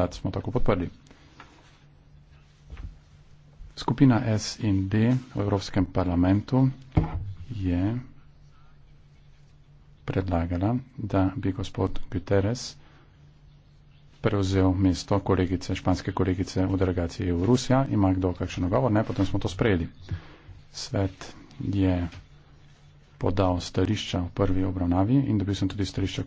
Zdaj smo tako podprli. Skupina S in D v Evropskem parlamentu je predlagala, da bi gospod Guterres prevzel mesto kolegice, španske kolegice v delegaciji EU Rusija. Ima kdo kakšen govor? Ne, potem smo to sprejeli. Svet je podal stališča v prvi obravnavi in dobil sem tudi stališča